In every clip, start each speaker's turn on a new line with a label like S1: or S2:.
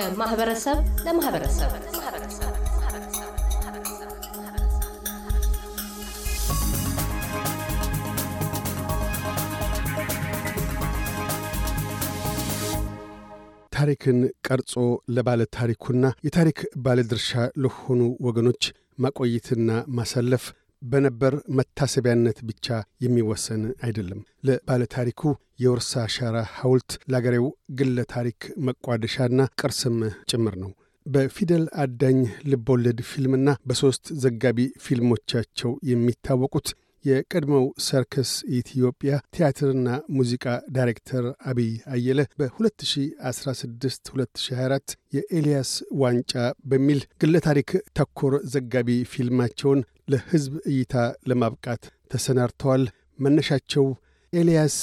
S1: ከማህበረሰብ ለማህበረሰብ
S2: ታሪክን ቀርጾ ለባለ ታሪኩና የታሪክ ባለድርሻ ለሆኑ ወገኖች ማቆይትና ማሳለፍ በነበር መታሰቢያነት ብቻ የሚወሰን አይደለም። ለባለታሪኩ የወርሳ አሻራ ሐውልት፣ ለአገሬው ግለ ታሪክ መቋደሻና ቅርስም ጭምር ነው። በፊደል አዳኝ ልቦለድ ፊልምና በሦስት ዘጋቢ ፊልሞቻቸው የሚታወቁት የቀድሞው ሰርከስ ኢትዮጵያ ቲያትርና ሙዚቃ ዳይሬክተር አብይ አየለ በ2016 2024 የኤልያስ ዋንጫ በሚል ግለ ታሪክ ተኮር ዘጋቢ ፊልማቸውን ለሕዝብ እይታ ለማብቃት ተሰናድተዋል። መነሻቸው ኤልያስ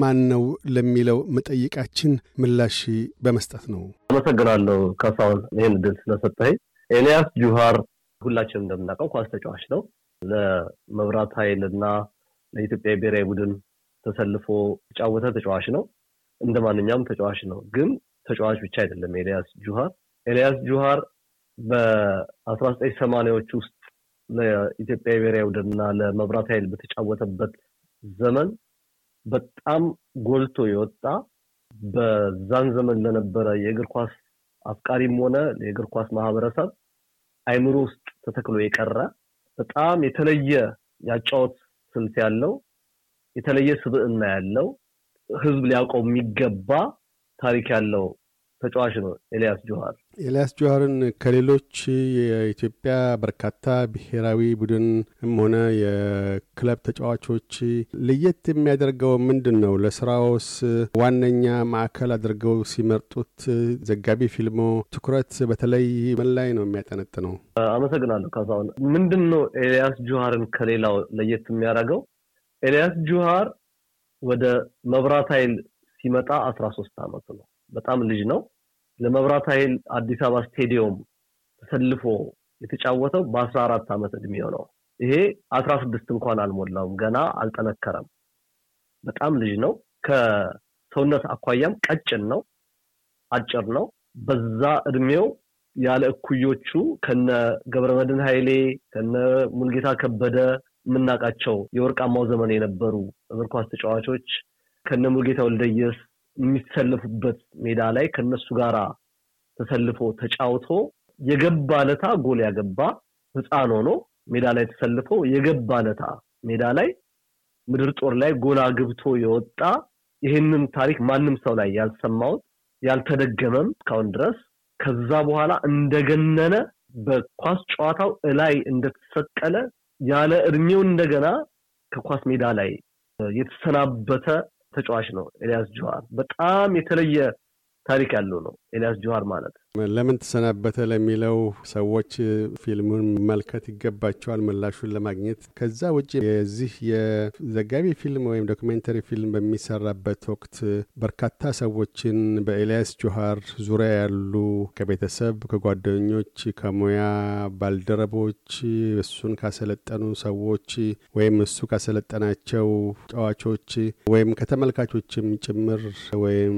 S2: ማን ነው ለሚለው መጠይቃችን ምላሽ በመስጠት ነው።
S1: አመሰግናለሁ ካሳሁን ይህን ድል ስለሰጠኝ። ኤልያስ ጁሃር ሁላችንም እንደምናውቀው ኳስ ተጫዋች ነው። ለመብራት ኃይል እና ለኢትዮጵያ ብሔራዊ ቡድን ተሰልፎ ተጫወተ ተጫዋች ነው። እንደ ማንኛውም ተጫዋች ነው። ግን ተጫዋች ብቻ አይደለም። ኤልያስ ጁሃር ኤልያስ ጁሃር በአስራ ዘጠኝ ሰማንያዎች ውስጥ ለኢትዮጵያ ብሔራዊ እና ለመብራት ኃይል በተጫወተበት ዘመን በጣም ጎልቶ የወጣ በዛን ዘመን ለነበረ የእግር ኳስ አፍቃሪም ሆነ የእግር ኳስ ማህበረሰብ አይምሮ ውስጥ ተተክሎ የቀረ በጣም የተለየ ያጫወት ስልት ያለው የተለየ ስብዕና ያለው ህዝብ ሊያውቀው የሚገባ ታሪክ ያለው ተጫዋች ነው ኤልያስ ጆሃር።
S2: ኤልያስ ጆሃርን ከሌሎች የኢትዮጵያ በርካታ ብሔራዊ ቡድንም ሆነ የክለብ ተጫዋቾች ለየት የሚያደርገው ምንድን ነው? ለስራውስ ዋነኛ ማዕከል አድርገው ሲመርጡት ዘጋቢ ፊልሞ ትኩረት በተለይ ምን ላይ ነው የሚያጠነጥነው?
S1: አመሰግናለሁ ካሳሁን። ምንድን ነው ኤልያስ ጁሃርን ከሌላው ለየት የሚያደርገው? ኤልያስ ጆሃር ወደ መብራት ኃይል ሲመጣ አስራ ሶስት አመቱ ነው። በጣም ልጅ ነው። ለመብራት ኃይል አዲስ አበባ ስቴዲየም ተሰልፎ የተጫወተው በ14 ዓመት እድሜው ነው። ይሄ 16 እንኳን አልሞላውም፣ ገና አልጠነከረም። በጣም ልጅ ነው። ከሰውነት አኳያም ቀጭን ነው፣ አጭር ነው። በዛ እድሜው ያለ እኩዮቹ ከነ ገብረመድን ኃይሌ ከነ ሙልጌታ ከበደ የምናውቃቸው የወርቃማው ዘመን የነበሩ እግር ኳስ ተጫዋቾች ከነ ሙልጌታ ወልደየስ የሚሰለፉበት ሜዳ ላይ ከነሱ ጋር ተሰልፎ ተጫውቶ የገባ ለታ ጎል ያገባ ህፃን ሆኖ ሜዳ ላይ ተሰልፎ የገባ ለታ ሜዳ ላይ ምድር ጦር ላይ ጎል ግብቶ የወጣ ይህንን ታሪክ ማንም ሰው ላይ ያልሰማውት ያልተደገመም እስካሁን ድረስ ከዛ በኋላ እንደገነነ በኳስ ጨዋታው እላይ እንደተሰቀለ ያለ እድሜው እንደገና ከኳስ ሜዳ ላይ የተሰናበተ ተጫዋች ነው ኤልያስ ጆሃር። በጣም የተለየ ታሪክ ያለው ነው ኤልያስ ጆሃር ማለት
S2: ለምን ተሰናበተ ለሚለው ሰዎች ፊልሙን መመልከት ይገባቸዋል ምላሹን ለማግኘት። ከዛ ውጭ የዚህ የዘጋቢ ፊልም ወይም ዶኪሜንተሪ ፊልም በሚሰራበት ወቅት በርካታ ሰዎችን በኤልያስ ጆሀር ዙሪያ ያሉ ከቤተሰብ፣ ከጓደኞች፣ ከሙያ ባልደረቦች፣ እሱን ካሰለጠኑ ሰዎች ወይም እሱ ካሰለጠናቸው ተጫዋቾች ወይም ከተመልካቾችም ጭምር ወይም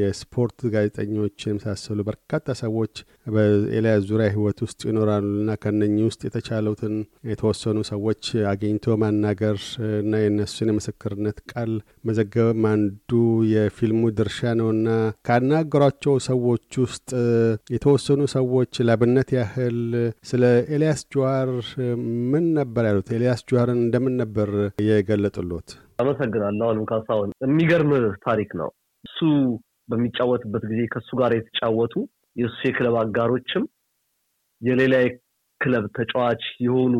S2: የስፖርት ጋዜጠኞች የመሳሰሉ በርካታ ሰዎች በኤልያስ ዙሪያ ህይወት ውስጥ ይኖራሉና ከነኚህ ውስጥ የተቻሉትን የተወሰኑ ሰዎች አግኝቶ ማናገር እና የእነሱን የምስክርነት ቃል መዘገብም አንዱ የፊልሙ ድርሻ ነውና ካናገሯቸው ሰዎች ውስጥ የተወሰኑ ሰዎች ላብነት ያህል ስለ ኤልያስ ጀዋር ምን ነበር ያሉት? ኤልያስ ጀዋርን እንደምን ነበር የገለጡሎት?
S1: አመሰግናለሁ። አሁንም ካሳሁን የሚገርም ታሪክ ነው። እሱ በሚጫወትበት ጊዜ ከእሱ ጋር የተጫወቱ የእሱ የክለብ አጋሮችም የሌላ ክለብ ተጫዋች የሆኑ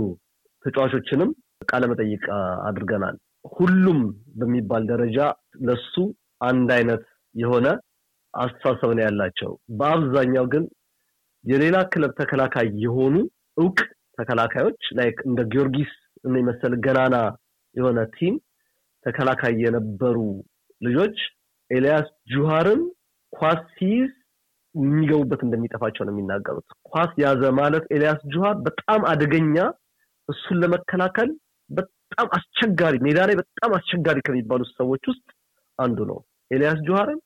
S1: ተጫዋቾችንም ቃለመጠይቅ አድርገናል። ሁሉም በሚባል ደረጃ ለሱ አንድ አይነት የሆነ አስተሳሰብ ነው ያላቸው። በአብዛኛው ግን የሌላ ክለብ ተከላካይ የሆኑ እውቅ ተከላካዮች ላይክ እንደ ጊዮርጊስ እና የመሰል ገናና የሆነ ቲም ተከላካይ የነበሩ ልጆች ኤልያስ ጁሃርን ኳስ ሲይዝ የሚገቡበት እንደሚጠፋቸው ነው የሚናገሩት። ኳስ ያዘ ማለት ኤልያስ ጁሃ በጣም አደገኛ፣ እሱን ለመከላከል በጣም አስቸጋሪ፣ ሜዳ ላይ በጣም አስቸጋሪ ከሚባሉት ሰዎች ውስጥ አንዱ ነው። ኤልያስ ጁሃርን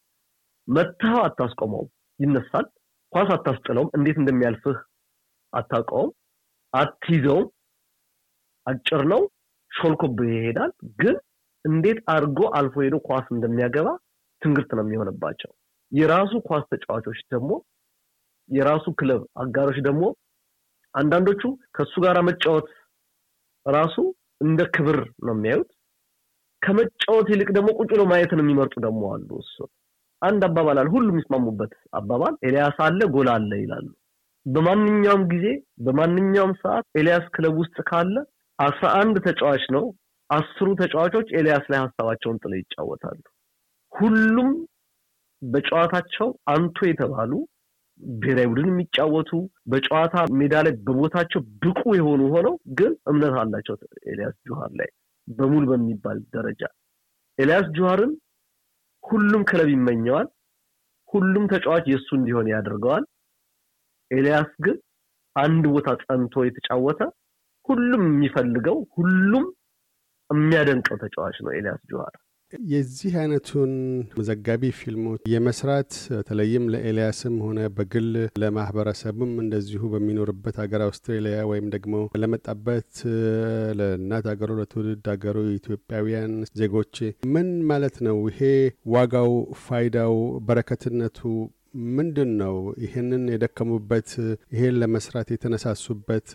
S1: መታው አታስቆመው ይነሳል። ኳስ አታስጥለውም፣ እንዴት እንደሚያልፍህ አታውቀውም፣ አትይዘውም። አጭር ነው፣ ሾልኮብ ይሄዳል። ግን እንዴት አድርጎ አልፎ ሄዶ ኳስ እንደሚያገባ ትንግርት ነው የሚሆንባቸው። የራሱ ኳስ ተጫዋቾች ደግሞ የራሱ ክለብ አጋሮች ደግሞ አንዳንዶቹ ከሱ ጋር መጫወት ራሱ እንደ ክብር ነው የሚያዩት። ከመጫወት ይልቅ ደግሞ ቁጭ ብሎ ነው የሚመርጡ ደግሞ አሉ። እሱ አንድ አባባል አለ፣ ሁሉም የሚስማሙበት አባባል ኤልያስ አለ ጎል አለ ይላሉ። በማንኛውም ጊዜ በማንኛውም ሰዓት ኤልያስ ክለብ ውስጥ ካለ አስራ አንድ ተጫዋች ነው። አስሩ ተጫዋቾች ኤልያስ ላይ ሀሳባቸውን ጥለው ይጫወታሉ። ሁሉም በጨዋታቸው አንቶ የተባሉ ብሔራዊ ቡድን የሚጫወቱ በጨዋታ ሜዳ ላይ በቦታቸው ብቁ የሆኑ ሆነው ግን እምነት አላቸው ኤልያስ ጁሃር ላይ በሙሉ በሚባል ደረጃ ኤልያስ ጁሃርን ሁሉም ክለብ ይመኘዋል። ሁሉም ተጫዋች የእሱ እንዲሆን ያደርገዋል። ኤልያስ ግን አንድ ቦታ ጸንቶ የተጫወተ ሁሉም የሚፈልገው ሁሉም የሚያደንቀው ተጫዋች ነው ኤልያስ ጁሃር።
S2: የዚህ አይነቱን ዘጋቢ ፊልሞች የመስራት በተለይም ለኤልያስም ሆነ በግል ለማህበረሰብም እንደዚሁ በሚኖርበት ሀገር አውስትራሊያ ወይም ደግሞ ለመጣበት ለእናት ሀገሩ ለትውልድ ሀገሩ ኢትዮጵያውያን ዜጎች ምን ማለት ነው? ይሄ ዋጋው፣ ፋይዳው፣ በረከትነቱ ምንድን ነው ይህንን የደከሙበት ይሄን ለመስራት የተነሳሱበት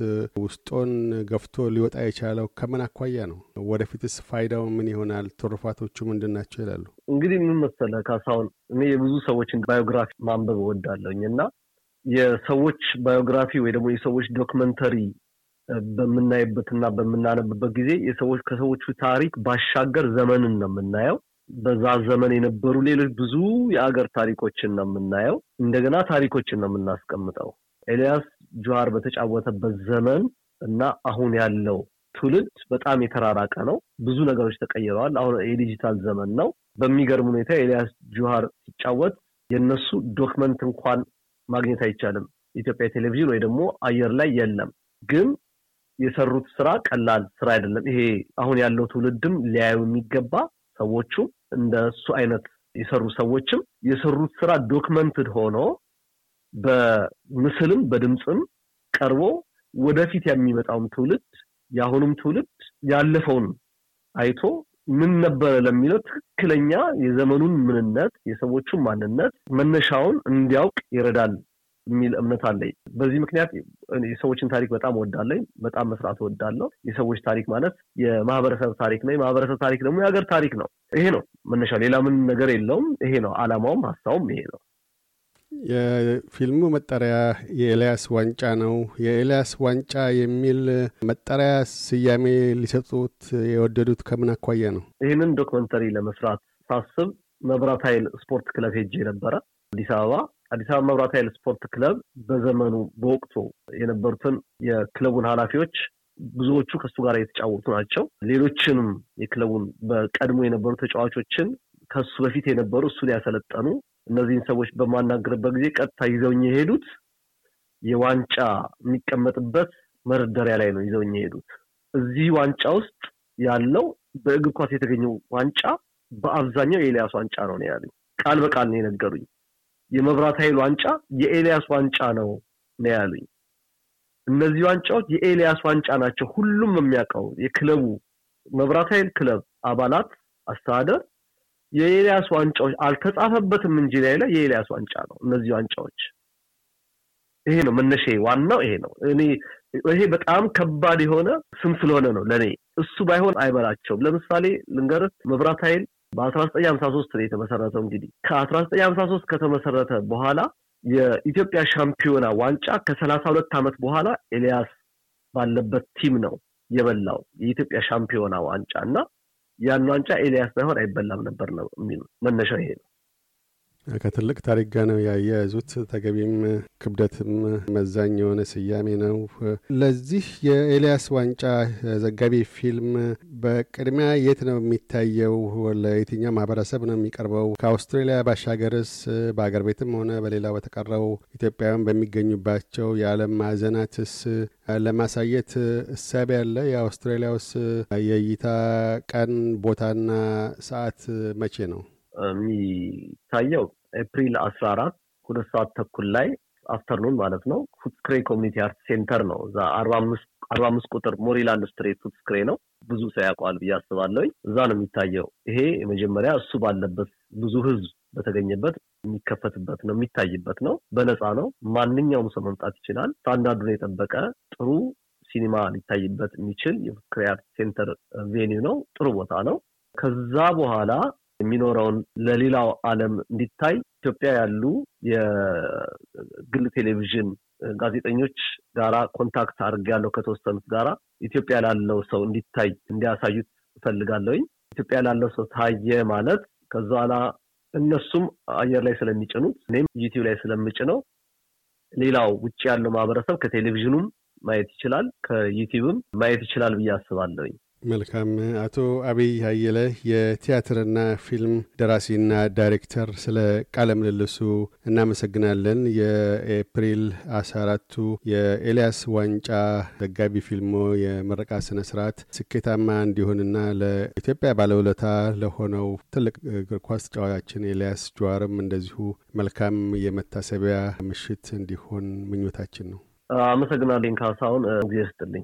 S2: ውስጦን ገፍቶ ሊወጣ የቻለው ከምን አኳያ ነው? ወደፊትስ ፋይዳው ምን ይሆናል? ትሩፋቶቹ ምንድን ናቸው? ይላሉ እንግዲህ ምን መሰለ ካሳሁን፣ እኔ የብዙ ሰዎችን ባዮግራፊ ማንበብ እወዳለሁኝ እና የሰዎች ባዮግራፊ ወይ ደግሞ
S1: የሰዎች ዶክመንተሪ በምናይበትና በምናነብበት ጊዜ የሰዎች ከሰዎቹ ታሪክ ባሻገር ዘመንን ነው የምናየው በዛ ዘመን የነበሩ ሌሎች ብዙ የአገር ታሪኮችን ነው የምናየው። እንደገና ታሪኮችን ነው የምናስቀምጠው። ኤልያስ ጁሃር በተጫወተበት ዘመን እና አሁን ያለው ትውልድ በጣም የተራራቀ ነው። ብዙ ነገሮች ተቀይረዋል። አሁን የዲጂታል ዘመን ነው። በሚገርም ሁኔታ ኤልያስ ጁሃር ሲጫወት የነሱ ዶክመንት እንኳን ማግኘት አይቻልም። ኢትዮጵያ ቴሌቪዥን ወይ ደግሞ አየር ላይ የለም። ግን የሰሩት ስራ ቀላል ስራ አይደለም። ይሄ አሁን ያለው ትውልድም ሊያዩ የሚገባ ሰዎቹም። እንደ እሱ አይነት የሰሩ ሰዎችም የሰሩት ስራ ዶክመንትድ ሆኖ በምስልም በድምፅም ቀርቦ ወደፊት የሚመጣውም ትውልድ የአሁኑም ትውልድ ያለፈውን አይቶ ምን ነበረ ለሚለው ትክክለኛ የዘመኑን ምንነት የሰዎቹን ማንነት መነሻውን እንዲያውቅ ይረዳል የሚል እምነት አለኝ። በዚህ ምክንያት የሰዎችን ታሪክ በጣም ወዳለኝ፣ በጣም መስራት ወዳለው። የሰዎች ታሪክ ማለት የማህበረሰብ ታሪክ ነው። የማህበረሰብ ታሪክ ደግሞ የሀገር ታሪክ ነው። ይሄ ነው መነሻ፣ ሌላ ምን ነገር የለውም። ይሄ ነው አላማውም፣ ሀሳቡም ይሄ ነው።
S2: የፊልሙ መጠሪያ የኤልያስ ዋንጫ ነው። የኤልያስ ዋንጫ የሚል መጠሪያ ስያሜ ሊሰጡት የወደዱት ከምን አኳያ ነው?
S1: ይህንን ዶክመንተሪ ለመስራት ሳስብ መብራት ኃይል ስፖርት ክለብ ሄጄ ነበረ አዲስ አበባ አዲስ አበባ መብራት ኃይል ስፖርት ክለብ በዘመኑ በወቅቱ የነበሩትን የክለቡን ኃላፊዎች ብዙዎቹ ከሱ ጋር የተጫወቱ ናቸው። ሌሎችንም የክለቡን በቀድሞ የነበሩ ተጫዋቾችን ከሱ በፊት የነበሩ እሱን ያሰለጠኑ እነዚህን ሰዎች በማናገርበት ጊዜ ቀጥታ ይዘውኝ የሄዱት የዋንጫ የሚቀመጥበት መደርደሪያ ላይ ነው ይዘውኝ የሄዱት። እዚህ ዋንጫ ውስጥ ያለው በእግር ኳስ የተገኘው ዋንጫ በአብዛኛው የኤልያስ ዋንጫ ነው ያሉኝ። ቃል በቃል ነው የነገሩኝ። የመብራት ኃይል ዋንጫ የኤልያስ ዋንጫ ነው ነው ያሉኝ። እነዚህ ዋንጫዎች የኤልያስ ዋንጫ ናቸው። ሁሉም የሚያውቀው የክለቡ መብራት ኃይል ክለብ አባላት አስተዳደር የኤልያስ ዋንጫዎች አልተጻፈበትም እንጂ ላይ ላይ የኤልያስ ዋንጫ ነው እነዚህ ዋንጫዎች። ይሄ ነው መነሼ ዋናው ይሄ ነው። እኔ ይሄ በጣም ከባድ የሆነ ስም ስለሆነ ነው ለኔ። እሱ ባይሆን አይበላቸውም። ለምሳሌ ልንገርህ፣ መብራት ኃይል በ1953 ነው የተመሰረተው። እንግዲህ ከ1953 ከተመሰረተ በኋላ የኢትዮጵያ ሻምፒዮና ዋንጫ ከሰላሳ ሁለት ዓመት በኋላ ኤልያስ ባለበት ቲም ነው የበላው የኢትዮጵያ ሻምፒዮና ዋንጫ እና ያን ዋንጫ ኤልያስ ሳይሆን አይበላም ነበር ነው የሚሉ መነሻው ይሄ ነው።
S2: ከትልቅ ታሪክ ጋር ነው ያያያዙት። ተገቢም ክብደትም መዛኝ የሆነ ስያሜ ነው። ለዚህ የኤልያስ ዋንጫ ዘጋቢ ፊልም በቅድሚያ የት ነው የሚታየው? ለየትኛው ማህበረሰብ ነው የሚቀርበው? ከአውስትራሊያ ባሻገርስ በአገር ቤትም ሆነ በሌላው በተቀረው ኢትዮጵያውያን በሚገኙባቸው የዓለም ማዕዘናትስ ለማሳየት እሳቤ ያለ? የአውስትራሊያውስ የእይታ ቀን ቦታና ሰዓት መቼ ነው?
S1: የሚታየው ኤፕሪል አስራ አራት ሁለት ሰዓት ተኩል ላይ አፍተርኑን ማለት ነው ፉትስክሬ ኮሚኒቲ አርት ሴንተር ነው እዛ አርባ አምስት ቁጥር ሞሪላንድ ስትሬት ፉትስክሬ ነው ብዙ ሰው ያውቀዋል ብዬ አስባለሁ እዛ ነው የሚታየው ይሄ የመጀመሪያ እሱ ባለበት ብዙ ህዝብ በተገኘበት የሚከፈትበት ነው የሚታይበት ነው በነፃ ነው ማንኛውም ሰው መምጣት ይችላል ስታንዳርዱን የጠበቀ ጥሩ ሲኒማ ሊታይበት የሚችል የፉትስክሬ አርት ሴንተር ቬኒው ነው ጥሩ ቦታ ነው ከዛ በኋላ የሚኖረውን ለሌላው ዓለም እንዲታይ ኢትዮጵያ ያሉ የግል ቴሌቪዥን ጋዜጠኞች ጋራ ኮንታክት ያለው ከተወሰኑት ጋራ ኢትዮጵያ ላለው ሰው እንዲታይ እንዲያሳዩት እፈልጋለሁኝ። ኢትዮጵያ ላለው ሰው ታየ ማለት ከዛ ኋላ እነሱም አየር ላይ ስለሚጭኑት እኔም ዩቲዩብ ላይ ስለምጭነው ሌላው ውጭ ያለው ማህበረሰብ ከቴሌቪዥኑም ማየት ይችላል፣ ከዩቲዩብም ማየት ይችላል ብዬ አስባለሁኝ።
S2: መልካም አቶ አብይ አየለ የቲያትርና ፊልም ደራሲና ዳይሬክተር፣ ስለ ቃለ ምልልሱ እናመሰግናለን። የኤፕሪል አስራ አራቱ የኤልያስ ዋንጫ ዘጋቢ ፊልሞ የመረቃ ስነ ስርዓት ስኬታማ እንዲሆንና ለኢትዮጵያ ባለውለታ ለሆነው ትልቅ እግር ኳስ ተጫዋቻችን ኤልያስ ጀዋርም እንደዚሁ መልካም የመታሰቢያ ምሽት እንዲሆን ምኞታችን ነው።
S1: አመሰግናለኝ ካሳሁን ጊዜ ስጥልኝ።